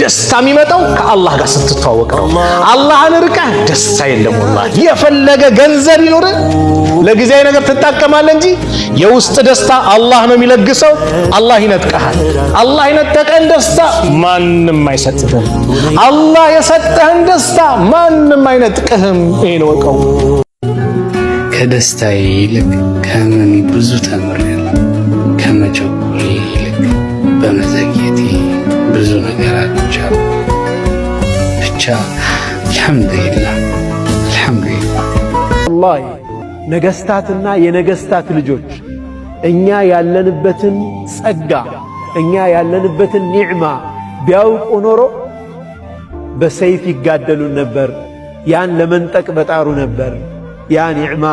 ደስታ የሚመጣው ከአላህ ጋር ስትተዋወቅ ነው። አላህን ርቀህ ደስታ የለም። ወላሂ የፈለገ ገንዘብ ይኖር ለጊዜያዊ ነገር ትጠቀማለህ እንጂ የውስጥ ደስታ አላህ ነው የሚለግሰው። አላህ ይነጥቀሃል። አላህ የነጠቀህን ደስታ ማንም አይሰጥህም። አላህ የሰጠህን ደስታ ማንም አይነጥቅህም። ይሄን ወቀው። ከደስታዬ ይልቅ ከምን ብዙ ተምሬያለሁ። ከመቸኮሌ ይልቅ በመዘግየቴ ብዙ ነገር አግኝቻለሁ። ብቻ አልሐምዱሊላህ አልሐምዱሊላህ። ወላሂ ነገስታትና የነገስታት ልጆች እኛ ያለንበትን ጸጋ እኛ ያለንበትን ኒዕማ ቢያውቁ ኖሮ በሰይፍ ይጋደሉን ነበር። ያን ለመንጠቅ በጣሩ ነበር። ያ ኒዕማ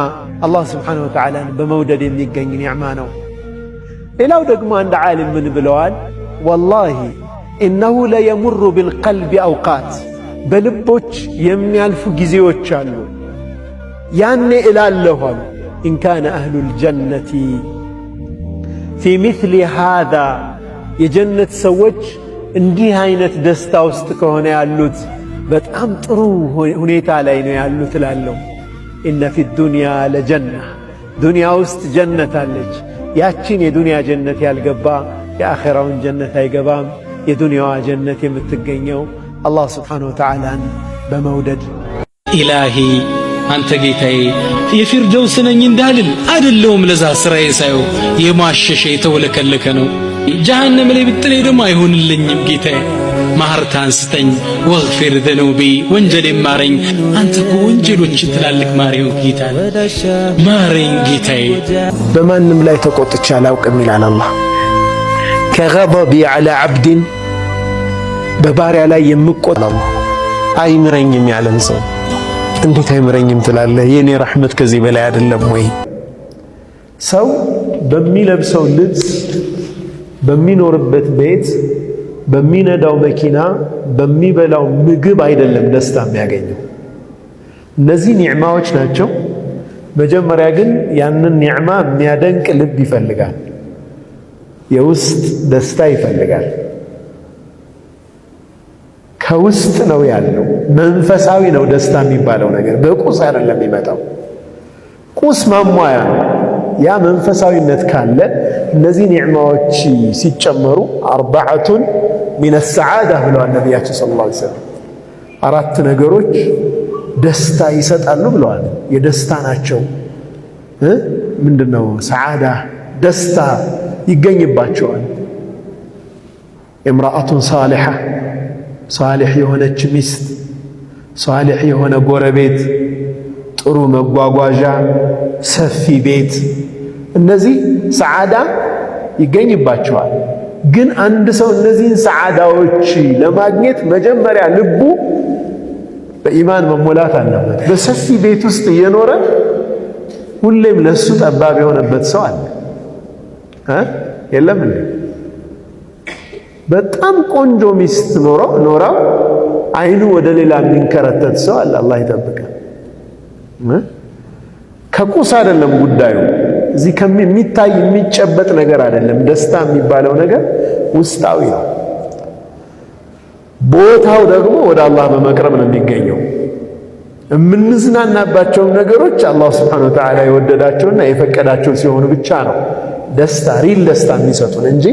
አላህ ስብሓነሁ ወተዓላን በመውደድ የሚገኝ ኒዕማ ነው። ሌላው ደግሞ አንድ ዓሊም ምን ብለዋል? ወላሂ እነሁ ለየሙሩ ቢልቀልቢ አውቃት በልቦች የሚያልፉ ጊዜዎች አሉ። ያኔ እላለኋል ኢንካነ አህሉል ጀነቲ ፊ ሚስሊ ሃዛ የጀነት ሰዎች እንዲህ አይነት ደስታ ውስጥ ከሆነ ያሉት በጣም ጥሩ ሁኔታ ላይ ነው ያሉት እላለሁ። ኢነ ፊ ዱንያ ለጀና ዱንያ ውስጥ ጀነት አለች። ያችን የዱንያ ጀነት ያልገባ የአኼራውን ጀነት አይገባም። የዱንያዋ ጀነት የምትገኘው አላህ ስብሓነሁ ወተዓላን በመውደድ ኢላሂ አንተ ጌታዬ የፊርደውስ ነኝ እንዳልል አይደለውም። ለዛ ስራዬ ሳየው የሟሸሸ የተወለከለከ ነው። ጀሃነም ላይ ብጥሌ ደግሞ አይሆንልኝም ጌታዬ ማህርታ አንስተኝ ወግፊር ዘኑቢ ወንጀል ማረኝ። አንተ እኮ ወንጀሎችን ትላልቅ ማሪው ጌታ ማረኝ ጌታዬ። በማንም ላይ ተቆጥቼ አላውቅም ይላል አላህ። ከገበቢ ዐላ ዐብድን በባሪያ ላይ የምቆጣ አይምረኝም ያለን ሰው እንዴት አይምረኝም ትላለህ? የኔ ረሕመት ከዚህ በላይ አይደለም ወይ? ሰው በሚለብሰው ልብስ፣ በሚኖርበት ቤት፣ በሚነዳው መኪና፣ በሚበላው ምግብ አይደለም ደስታ የሚያገኘው። እነዚህ ኒዕማዎች ናቸው። መጀመሪያ ግን ያንን ኒዕማ የሚያደንቅ ልብ ይፈልጋል። የውስጥ ደስታ ይፈልጋል። ከውስጥ ነው ያለው። መንፈሳዊ ነው ደስታ የሚባለው ነገር በቁስ አይደለም የሚመጣው። ቁስ ማሟያ ነው። ያ መንፈሳዊነት ካለ እነዚህ ኒዕማዎች ሲጨመሩ አርባዓቱን ሚነ ሰዓዳ ብለዋል ነቢያችን ሰለላሁ ዐለይሂ ወሰለም። አራት ነገሮች ደስታ ይሰጣሉ ብለዋል። የደስታ ናቸው። ምንድን ሰዓዳ? ደስታ ይገኝባቸዋል። እምራአቱን ሳሊሐ ሳሊሕ የሆነች ሚስት፣ ሳሊሕ የሆነ ጎረቤት፣ ጥሩ መጓጓዣ፣ ሰፊ ቤት፣ እነዚህ ሰዓዳ ይገኝባቸዋል። ግን አንድ ሰው እነዚህን ሰዓዳዎች ለማግኘት መጀመሪያ ልቡ በኢማን መሞላት አለበት። በሰፊ ቤት ውስጥ እየኖረ ሁሌም ለሱ ጠባብ የሆነበት ሰው አለ። የለም እንዴ? በጣም ቆንጆ ሚስት ኖሮ ኖራ አይኑ ወደ ሌላ የሚንከረተት ሰው አለ። አላህ ይጠብቃል። ከቁስ አይደለም ጉዳዩ እዚህ ከሚታይ የሚጨበጥ ነገር አይደለም። ደስታ የሚባለው ነገር ውስጣዊ ነው። ቦታው ደግሞ ወደ አላህ በመቅረብ ነው የሚገኘው። የምንዝናናባቸውም ነገሮች አላህ ሱብሓነሁ ወተዓላ የወደዳቸውና የፈቀዳቸው ሲሆኑ ብቻ ነው። ደስታ ሪል ደስታ የሚሰጡን እንጂ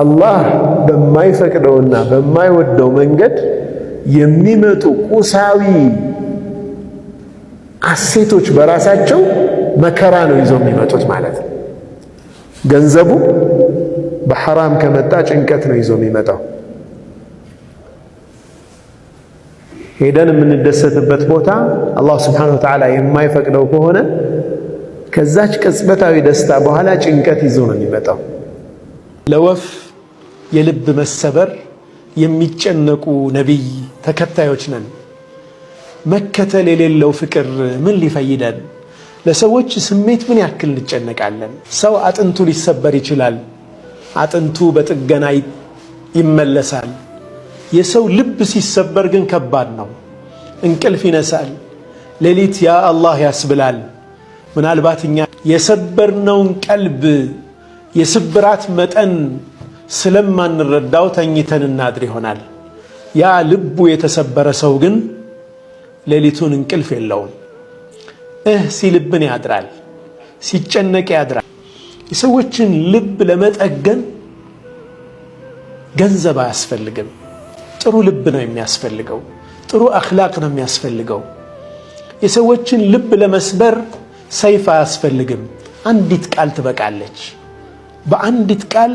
አላህ በማይፈቅደውና በማይወደው መንገድ የሚመጡ ቁሳዊ አሴቶች በራሳቸው መከራ ነው ይዘው የሚመጡት ማለት ነው። ገንዘቡ በሐራም ከመጣ ጭንቀት ነው ይዞ የሚመጣው። ሄደን የምንደሰትበት ቦታ አላህ ስብሓነሁ ወተዓላ የማይፈቅደው ከሆነ ከዛች ቅጽበታዊ ደስታ በኋላ ጭንቀት ይዞ ነው የሚመጣው። ለወፍ የልብ መሰበር የሚጨነቁ ነቢይ ተከታዮች ነን። መከተል የሌለው ፍቅር ምን ሊፈይደን? ለሰዎች ስሜት ምን ያክል እንጨነቃለን? ሰው አጥንቱ ሊሰበር ይችላል። አጥንቱ በጥገና ይመለሳል። የሰው ልብ ሲሰበር ግን ከባድ ነው። እንቅልፍ ይነሳል። ሌሊት ያ አላህ ያስብላል። ምናልባት እኛ የሰበርነውን ቀልብ የስብራት መጠን ስለማንረዳው ተኝተን እናድር ይሆናል። ያ ልቡ የተሰበረ ሰው ግን ሌሊቱን እንቅልፍ የለውም። እህ ሲልብን ያድራል፣ ሲጨነቅ ያድራል። የሰዎችን ልብ ለመጠገን ገንዘብ አያስፈልግም። ጥሩ ልብ ነው የሚያስፈልገው። ጥሩ አኽላቅ ነው የሚያስፈልገው። የሰዎችን ልብ ለመስበር ሰይፍ አያስፈልግም። አንዲት ቃል ትበቃለች። በአንዲት ቃል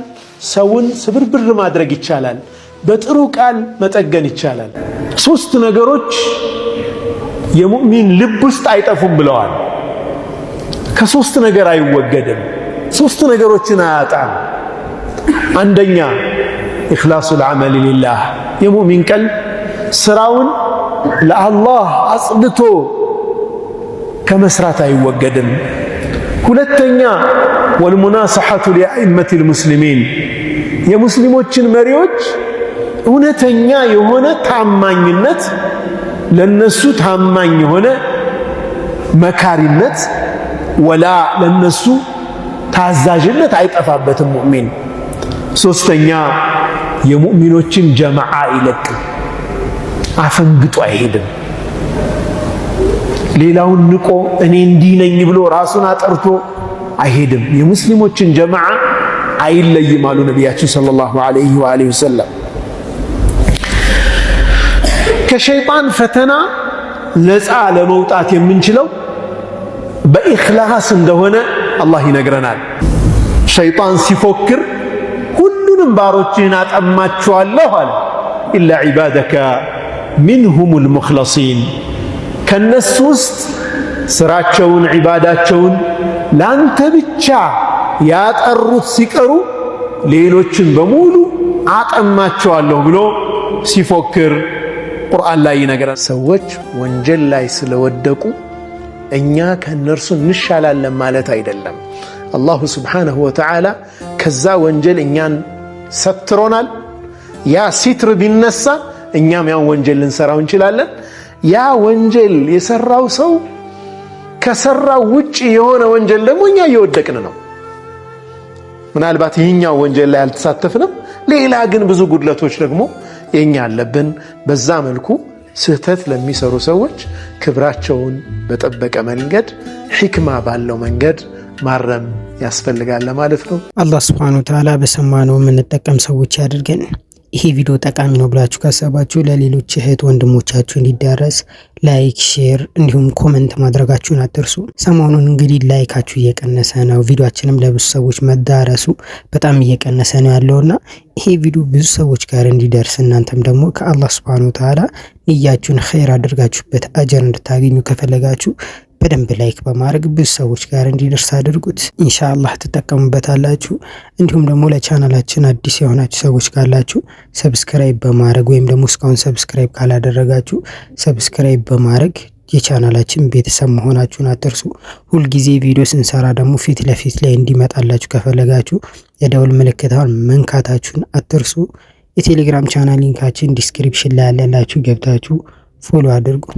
ሰውን ስብርብር ማድረግ ይቻላል። በጥሩ ቃል መጠገን ይቻላል። ሶስት ነገሮች የሙእሚን ልብ ውስጥ አይጠፉም ብለዋል። ከሶስት ነገር አይወገድም። ሶስት ነገሮችን አያጣም። አንደኛ ኢኽላሱል ዐመል ሊላህ፣ የሙእሚን ቀልብ ስራውን ለአላህ አጽድቶ ከመስራት አይወገድም። ሁለተኛ ወልሙናሰሐቱ ሊአኢመት ልሙስሊሚን የሙስሊሞችን መሪዎች እውነተኛ የሆነ ታማኝነት ለነሱ ታማኝ የሆነ መካሪነት ወላ ለነሱ ታዛዥነት አይጠፋበትም ሙእሚን። ሶስተኛ የሙእሚኖችን ጀማዓ አይለቅም፣ አፈንግጦ አይሄድም። ሌላውን ንቆ እኔ እንዲህ ነኝ ብሎ ራሱን አጠርቶ አይሄድም። የሙስሊሞችን ጀማዓ አይለይም አሉ ነቢያችን ሰለላሁ ዐለይሂ ወአሊሂ ወሰለም። ከሸይጣን ፈተና ነፃ ለመውጣት የምንችለው በኢኽላስ እንደሆነ አላህ ይነግረናል። ሸይጣን ሲፎክር ሁሉንም ባሮችህን አጠማችኋለሁ አለ ኢላ ዒባደከ ሚንሁሙል ሙኽለሲን ከነሱ ውስጥ ስራቸውን ዒባዳቸውን ላንተ ብቻ ያጠሩት ሲቀሩ ሌሎችን በሙሉ አጠማቸዋለሁ ብሎ ሲፎክር ቁርአን ላይ ይነግራል። ሰዎች ወንጀል ላይ ስለወደቁ እኛ ከእነርሱ እንሻላለን ማለት አይደለም። አላሁ ስብሓነሁ ወተዓላ ከዛ ወንጀል እኛን ሰትሮናል። ያ ሲትር ቢነሳ እኛም ያን ወንጀል ልንሰራው እንችላለን። ያ ወንጀል የሰራው ሰው ከሰራው ውጭ የሆነ ወንጀል ደግሞ እኛ እየወደቅን ነው። ምናልባት ይህኛው ወንጀል ላይ አልተሳተፍንም፣ ሌላ ግን ብዙ ጉድለቶች ደግሞ የኛ አለብን። በዛ መልኩ ስህተት ለሚሰሩ ሰዎች ክብራቸውን በጠበቀ መንገድ ሒክማ ባለው መንገድ ማረም ያስፈልጋል ለማለት ነው። አላህ ስብሓነሁ ወተዓላ በሰማነው የምንጠቀም ሰዎች ያድርገን። ይሄ ቪዲዮ ጠቃሚ ነው ብላችሁ ካሰባችሁ ለሌሎች እህት ወንድሞቻችሁ እንዲዳረስ ላይክ፣ ሼር እንዲሁም ኮመንት ማድረጋችሁን አትርሱ። ሰሞኑን እንግዲህ ላይካችሁ እየቀነሰ ነው፣ ቪዲዮችንም ለብዙ ሰዎች መዳረሱ በጣም እየቀነሰ ነው ያለውና ይሄ ቪዲዮ ብዙ ሰዎች ጋር እንዲደርስ እናንተም ደግሞ ከአላህ ስብሐነሁ ወተዓላ ንያችሁን ኸይር አድርጋችሁበት አጀር እንድታገኙ ከፈለጋችሁ በደንብ ላይክ በማድረግ ብዙ ሰዎች ጋር እንዲደርስ አድርጉት። ኢንሻአላህ ትጠቀሙበታላችሁ። እንዲሁም ደግሞ ለቻናላችን አዲስ የሆናችሁ ሰዎች ካላችሁ ሰብስክራይብ በማድረግ ወይም ደግሞ እስካሁን ሰብስክራይብ ካላደረጋችሁ ሰብስክራይብ በማድረግ የቻናላችን ቤተሰብ መሆናችሁን አትርሱ። ሁልጊዜ ቪዲዮ ስንሰራ ደግሞ ፊት ለፊት ላይ እንዲመጣላችሁ ከፈለጋችሁ የደውል ምልክታውን መንካታችሁን አትርሱ። የቴሌግራም ቻናል ሊንካችን ዲስክሪፕሽን ላይ ያለላችሁ ገብታችሁ ፎሎ አድርጉ።